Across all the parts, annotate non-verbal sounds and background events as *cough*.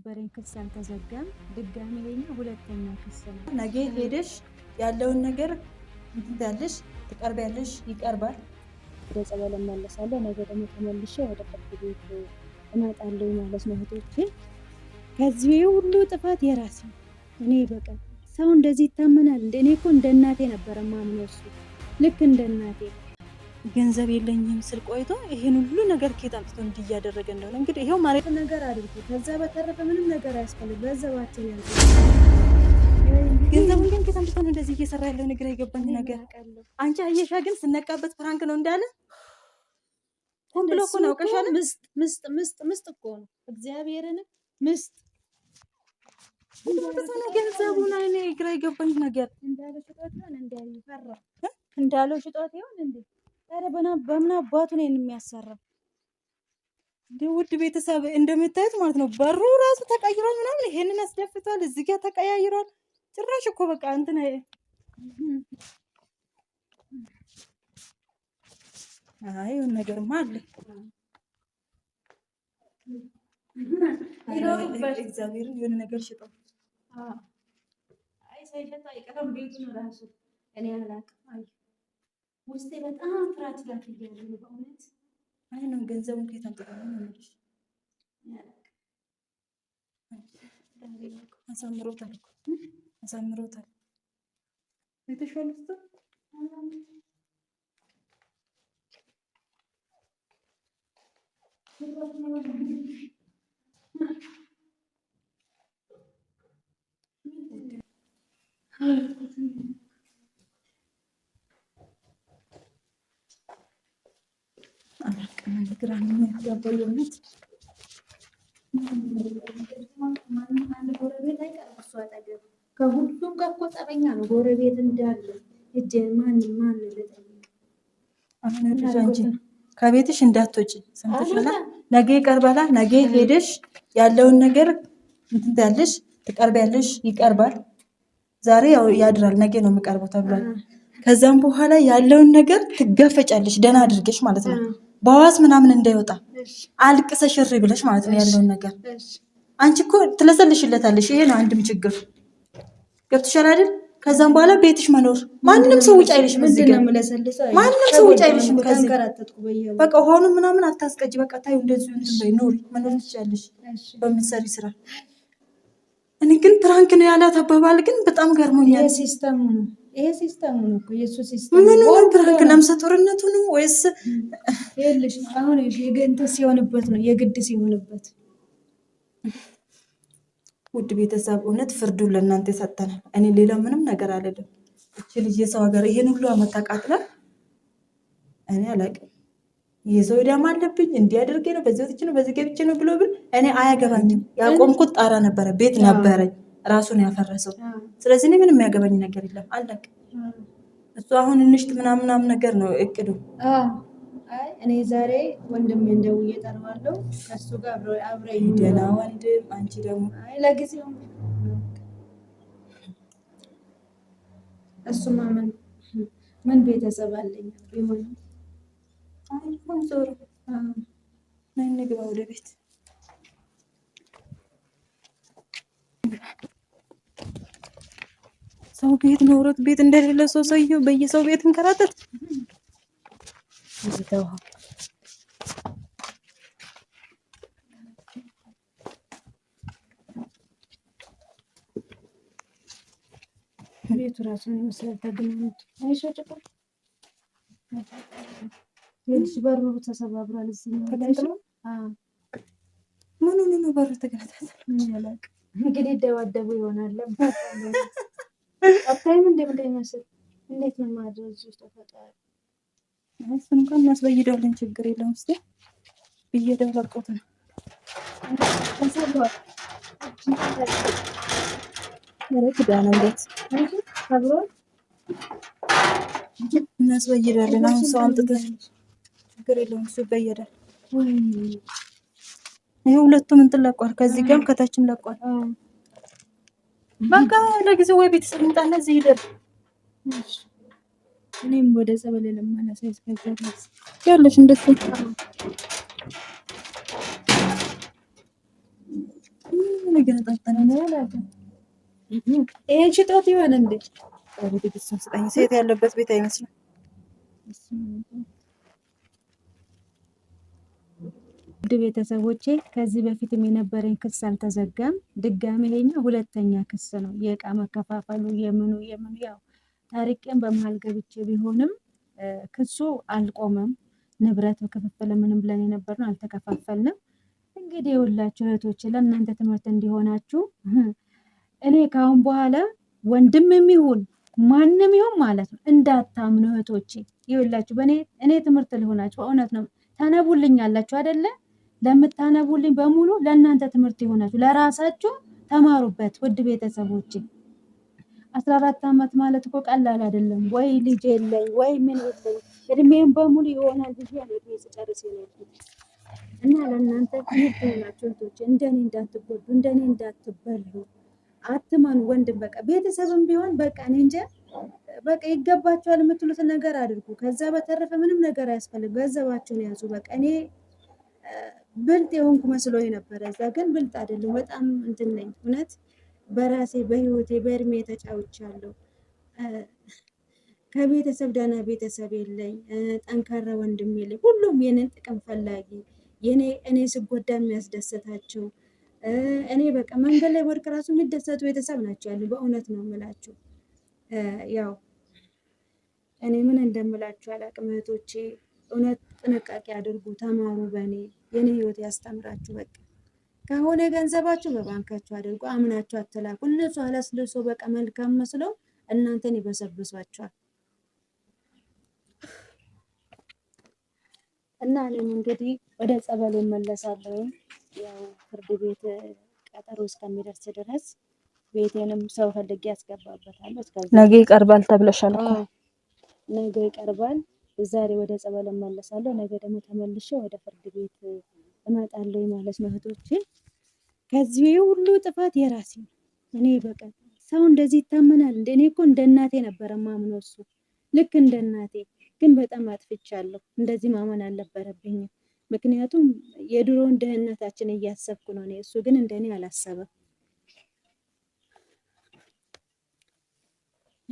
የነበረኝ ክስ አልተዘጋም። ድጋሚ ይሄኛው ሁለተኛ ክስ ነው። ነገ ሄደሽ ያለውን ነገር ያለሽ ትቀርብ ያለሽ ይቀርባል። ወደ ጸበል እመለሳለሁ። ነገ ደግሞ ተመልሼ ወደ ፍርድ ቤት እመጣለሁ ማለት ነው። እህቶቼ ከዚህ ሁሉ ጥፋት የራስ ነው። እኔ በቃ ሰው እንደዚህ ይታመናል። እኔ እኮ እንደ እናቴ ነበረ ማምነው ልክ እንደ እናቴ ገንዘብ የለኝም ስል ቆይቶ ይሄን ሁሉ ነገር ከየት አምጥቶ እንዲያደረገ እንደሆነ እንግዲህ ይሄው ማለት ነገር አድርጉ። ከዛ በተረፈ ምንም ነገር አያስፈልግ። ገንዘባችን ያ ገንዘቡ ግን ከየት አምጥቶ ነው እንደዚህ እየሰራ ያለው ነገር አይገባኝ ነገር። አንቺ አየሻ ግን ስነቃበት ፍራንክ ነው እንዳለ ሆን ብሎ እኮ ነው ቀሻለ ምስጥ ምስጥ ምስጥ ምስጥ እኮ ነው እግዚአብሔርን ምስጥ ገንዘቡን አይኔ ግራ የገባኝ ነገር እንዳለው ሽጦት ይሆን እንዳለው ሽጦት ይሆን እንዴ ኧረ በምን አባቱ ነው የሚያሰራው? ውድ ቤተሰብ እንደምታዩት ማለት ነው በሩ ራሱ ተቀይሯል፣ ምናምን ይሄንን አስደፍቷል፣ እዚህ ጋር ተቀያይሯል። ጭራሽ እኮ በቃ እንትን አይ ነገርማ አለ እግዚአብሔርን የሆነ ነገር ሽጠው እኔ ውስጤ በጣም ፍርሃት ፍርሃት እያለ ነው በእውነት። አይ ነው ገንዘቡን ከየት አምጥተው ነው አሳምሮታል እኮ አሳምሮታል። የተሻለ የሚገባው የእውነት አንድ ጎረቤት አይቀርም እሱ አጠገብ። ከሁሉም ጋር እኮ ጠበኛ ነው ጎረቤት እንዳለ እጅ ማን ማን ልጠይቅ? አንቺ ከቤትሽ እንዳትወጪ ሰምተሻል። ነገ ይቀርባላል። ነገ ሄደሽ ያለውን ነገር እንትን ትያለሽ፣ ትቀርቢያለሽ። ይቀርባል። ዛሬ ያው ያድራል፣ ነገ ነው የሚቀርበው ተብሏል። ከዛም በኋላ ያለውን ነገር ትገፈጫለሽ፣ ደህና አድርገሽ ማለት ነው። በዋዝ ምናምን እንዳይወጣ አልቅሰሽ እሪ ብለሽ ማለት ነው ያለውን ነገር አንቺ እኮ ትለሰልሽለታለሽ። ይሄ ነው አንድም ችግር ገብትሻል አይደል? ከዛም በኋላ ቤትሽ መኖር ማንም ሰው ውጭ አይልሽም። እዚህ ግን ማንም ሰው ውጭ አይልሽም። ከዚህ በቃ ሆኑ ምናምን አታስቀጅ። በቃ ታዩ እንደዚሁ እንትን በይ መኖር ትችላለሽ በምትሰሪ ስራ። እኔ ግን ፕራንክ ነው ያላት አባባል ግን በጣም ገርሞኛል። ሲስተም ነው ይሄ ሲስተም ነው እኮ የእሱ ሲስተም ምን ምኑን ትክክል ነምሰ ነው ወይስ ይኸውልሽ፣ አሁን እንትን ሲሆንበት ነው የግድ ሲሆንበት። ውድ ቤተሰብ እውነት ፍርዱን ለእናንተ የሰጠናል። እኔ ሌላ ምንም ነገር አልልም። እች ልጅ የሰው ሀገር ይሄን ሁሉ አመት እኔ አላቅም። የሰው ዕዳም አለብኝ እንዲያደርገ ነው በዚህ ወጥቼ ነው በዚህ ገብቼ ነው ብሎ ብል እኔ አያገባኝም። ያቆምኩት ጣራ ነበረ፣ ቤት ነበረኝ። ራሱን ያፈረሰው። ስለዚህ እኔ ምንም የሚያገባኝ ነገር የለም አለቅ እሱ አሁን እንሽት ምናምናም ነገር ነው እቅዱ። እኔ ዛሬ ወንድም እንደው እጠራዋለሁ ከሱ ጋር አብረኝ። ደህና ወንድም። አንቺ ደግሞ ለጊዜው እሱማ ምን ምን ቤተሰብ አለኝ ቢሆንም አሁን ዞሮ ነይ እንግባ ወደ ቤት ሰው ቤት ኖሮት ቤት እንደሌለ ሰው ሰውየው በየሰው ቤት እንከራተት ቤቱ ራሱን ይመስላል። ተገናኙት አይሸጭቅም። የልጅ በሩ ተሰባብሯል። እዚህ ምኑ ምኑ በሩ ተገናታት እንግዲህ ደባደቡ ይሆናል። አታይም እንደ እንዴት ነው ማድረግ እሱን እንኳን ችግር የለውም። ስ ለቆት ነው ረክዳነ እናስበይዳለን። አሁን ሰው አምጥተን ችግር የለውም። እሱ ይበየዳል። ይሄ ሁለቱም እንትን ለቋል። ከዚህ ጋርም ከታችም ለቋል። በቃ ለጊዜው ወይ ቤተሰብ ይምጣና እዚህ ሂደር እኔም ወደ ጸበል ለማና ያለሽ እንደሱ ነገር ተጠና ነው ሽጦት ይሆን እንዴ? ሴት ያለበት ቤት አይመስልም። ውድ ቤተሰቦቼ ከዚህ በፊትም የነበረኝ ክስ አልተዘጋም። ድጋሚ ይሄኛው ሁለተኛ ክስ ነው። የእቃ መከፋፈሉ የምኑ የምኑ ያው ታሪቄን በመሀል ገብቼ ቢሆንም ክሱ አልቆመም። ንብረት በክፍፍል ምንም ብለን የነበርነው አልተከፋፈልንም። እንግዲህ የሁላችሁ እህቶች ለእናንተ ትምህርት እንዲሆናችሁ *laughs* እኔ ካሁን በኋላ ወንድምም ይሁን ማንም ይሁን ማለት ነው እንዳታምኑ እህቶቼ፣ ይኸውላችሁ በእኔ እኔ ትምህርት ልሆናችሁ በእውነት ነው። ተነቡልኝ ያላችሁ ለምታነቡልኝ በሙሉ ለእናንተ ትምህርት ይሆናችሁ፣ ለራሳችሁ ተማሩበት። ውድ ቤተሰቦች አስራ አራት ዓመት ማለት እኮ ቀላል አይደለም። ወይ ልጅ የለኝ ወይ ምን የለኝ እድሜም በሙሉ ይሆናል ልጅ እድሜ ስጨርስ ይኖርኩት እና ለእናንተ ትምህርት ይሆናችሁ። እህቶች እንደኔ እንዳትጎዱ፣ እንደኔ እንዳትበሉ አትመኑ። ወንድም በቃ ቤተሰብም ቢሆን በቃ እኔ እንጃ በቃ ይገባቸዋል የምትሉትን ነገር አድርጉ። ከዛ በተረፈ ምንም ነገር አያስፈልግም። ገንዘባችሁን ያዙ። በቃ እኔ ብልጥ የሆንኩ መስሎ ነበረ። እዛ ግን ብልጥ አይደለም። በጣም እንትን ነኝ እውነት በራሴ በህይወቴ በእድሜ ተጫውቻለሁ። ከቤተሰብ ደህና ቤተሰብ የለኝ፣ ጠንካራ ወንድም የለኝ። ሁሉም የኔን ጥቅም ፈላጊ የኔ እኔ ስጎዳ የሚያስደሰታቸው እኔ በቃ መንገድ ላይ ወድቅ ራሱ የሚደሰቱ ቤተሰብ ናቸው ያሉ። በእውነት ነው የምላችሁ። ያው እኔ ምን እንደምላችሁ አላቅም። እህቶቼ እውነት ጥንቃቄ አድርጉ፣ ተማሩ በእኔ የኔ ህይወት ያስተምራችሁ። በቃ ከሆነ ገንዘባችሁ በባንካችሁ አድርጎ አምናችሁ አትላኩ። እነሱ አለስልሶ በቃ መልካም መስለው እናንተን ይበሰብሷቸዋል። እና እኔም እንግዲህ ወደ ጸበል እመለሳለሁ። ያው ፍርድ ቤት ቀጠሮ እስከሚደርስ ድረስ ቤቴንም ሰው ፈልጌ ያስገባበታለሁ። ነገ ይቀርባል ተብለሻል። ነገ ይቀርባል። ዛሬ ወደ ጸበል እመለሳለሁ፣ ነገ ደግሞ ተመልሼ ወደ ፍርድ ቤት እመጣለሁ ማለት ነው። እህቶቼ ከዚህ ሁሉ ጥፋት የራሴ ነው። እኔ በቃ ሰው እንደዚህ ይታመናል እንደ እኔ እኮ እንደ እናቴ ነበረ ማምኖ እሱ ልክ እንደ እናቴ ግን በጣም አጥፍቻለሁ። እንደዚህ ማመን አልነበረብኝም። ምክንያቱም የድሮውን ደህንነታችን እያሰብኩ ነው እሱ ግን እንደኔ አላሰበም።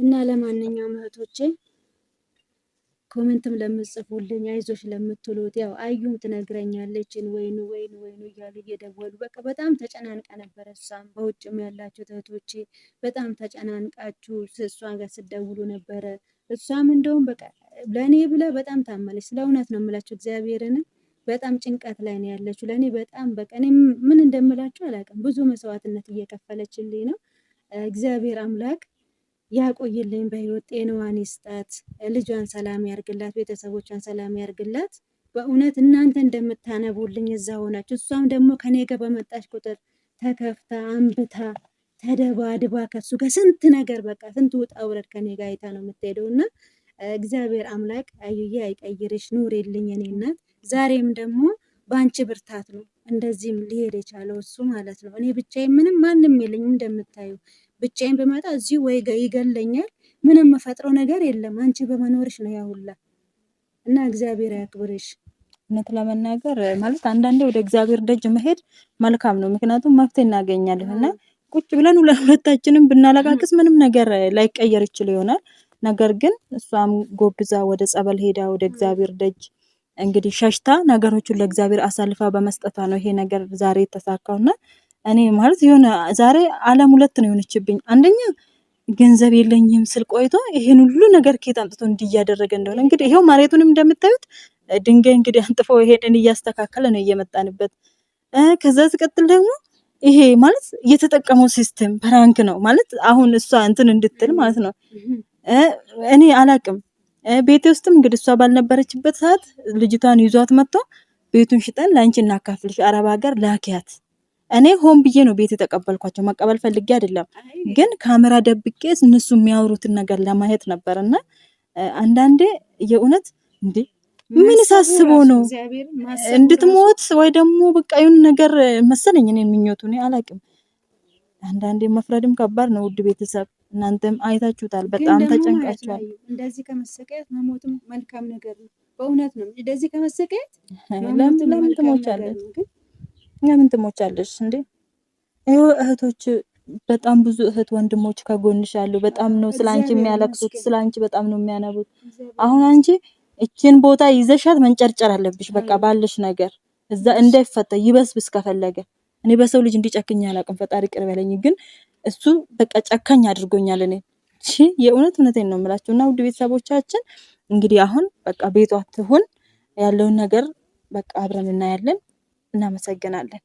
እና ለማንኛውም እህቶቼ ኮመንትም ለምጽፉልኝ አይዞች ለምትሉት ያው አዩም ትነግረኛለችን ወይኑ ወይኑ ወይኑ እያሉ እየደወሉ በቃ በጣም ተጨናንቃ ነበረ። እሷም በውጭም ያላቸው እህቶቼ በጣም ተጨናንቃችሁ እሷ ጋር ስደውሉ ነበረ። እሷም እንደውም በቃ ለእኔ ብላ በጣም ታመለች ስለ እውነት ነው የምላችሁ እግዚአብሔርን በጣም ጭንቀት ላይ ነው ያለችው። ለእኔ በጣም በቃ እኔ ምን እንደምላችሁ አላውቅም። ብዙ መስዋዕትነት እየከፈለችልኝ ነው እግዚአብሔር አምላክ ያቆይልኝ፣ በህይወት ጤናዋን ይስጣት፣ ልጇን ሰላም ያርግላት፣ ቤተሰቦቿን ሰላም ያርግላት። በእውነት እናንተ እንደምታነቡልኝ እዛ ሆናችሁ እሷም ደግሞ ከኔ ጋር በመጣች ቁጥር ተከፍታ አንብታ ተደባድባ ከሱ ጋር ስንት ነገር በቃ ስንት ውጣ ውረድ ከኔ ጋር አይታ ነው የምትሄደው። እና እግዚአብሔር አምላክ አዩዬ አይቀይርሽ፣ ኑሪልኝ እኔ እናት ዛሬም ደግሞ በአንቺ ብርታት ነው እንደዚህም ሊሄድ የቻለው እሱ ማለት ነው። እኔ ብቻዬን ምንም ማንም የለኝም። እንደምታዩ ብቻዬን ብመጣ እዚሁ ወይ ይገለኛል። ምንም የምፈጥረው ነገር የለም። አንቺ በመኖርሽ ነው ያሁላ እና እግዚአብሔር ያክብርሽ። እውነት ለመናገር ማለት አንዳንዴ ወደ እግዚአብሔር ደጅ መሄድ መልካም ነው። ምክንያቱም መፍትሄ እናገኛለን እና ቁጭ ብለን ለሁለታችንም ብናለቃቅስ ምንም ነገር ላይቀየር ይችል ይሆናል። ነገር ግን እሷም ጎብዛ ወደ ጸበል ሄዳ ወደ እግዚአብሔር ደጅ እንግዲህ ሸሽታ ነገሮቹን ለእግዚአብሔር አሳልፋ በመስጠቷ ነው ይሄ ነገር ዛሬ የተሳካውና እኔ ማለት የሆነ ዛሬ ዓለም ሁለት ነው የሆነችብኝ። አንደኛ ገንዘብ የለኝም ስል ቆይቶ ይሄን ሁሉ ነገር ኬት አምጥቶ እንዲያደረገ እንደሆነ እንግዲህ ይሄው መሬቱንም እንደምታዩት ድንጋይ እንግዲህ አንጥፎ ይሄንን እያስተካከለ ነው እየመጣንበት። ከዛ ሲቀጥል ደግሞ ይሄ ማለት የተጠቀመው ሲስተም ፕራንክ ነው ማለት አሁን እሷ እንትን እንድትል ማለት ነው። እኔ አላቅም ቤቴ ውስጥም እንግዲህ እሷ ባልነበረችበት ሰዓት ልጅቷን ይዟት መጥቶ ቤቱን ሽጠን ለአንቺ እናካፍልሽ፣ አረብ ሀገር ላኪያት። እኔ ሆን ብዬ ነው ቤት የተቀበልኳቸው። መቀበል ፈልጌ አይደለም፣ ግን ካሜራ ደብቄ እነሱ የሚያወሩትን ነገር ለማየት ነበር። እና አንዳንዴ የእውነት እንዴ ምን ሳስቦ ነው እንድትሞት ወይ ደግሞ በቃ ይሁን ነገር መሰለኝ እኔ ምኞቱ፣ እኔ አላቅም። አንዳንዴ መፍረድም ከባድ ነው ውድ ቤተሰብ እናንተም አይታችሁታል። በጣም ተጨንቃችኋል። እንደዚህ ከመሰቃየት መሞትም መልካም ነገር ነው። በእውነት ነው። እንደዚህ ከመሰቃየት ለምን ትሞቻለሽ? ለምን ትሞቻለሽ እንዴ? ይኸው እህቶች በጣም ብዙ እህት ወንድሞች ከጎንሽ አሉ። በጣም ነው ስላንቺ የሚያለቅሱት፣ ስላንቺ በጣም ነው የሚያነቡት። አሁን አንቺ እችን ቦታ ይዘሻት መንጨርጨር አለብሽ። በቃ ባለሽ ነገር እዛ እንዳይፈታ ይበስብስ ከፈለገ እኔ በሰው ልጅ እንዲጨክኝ አላውቅም። ፈጣሪ ቅርብ ያለኝ ግን እሱ በቃ ጨካኝ አድርጎኛል። እኔ እሺ የእውነት እውነቴን ነው የምላችሁ። እና ውድ ቤተሰቦቻችን እንግዲህ አሁን በቃ ቤቷ ትሁን ያለውን ነገር በቃ አብረን እናያለን። እናመሰግናለን።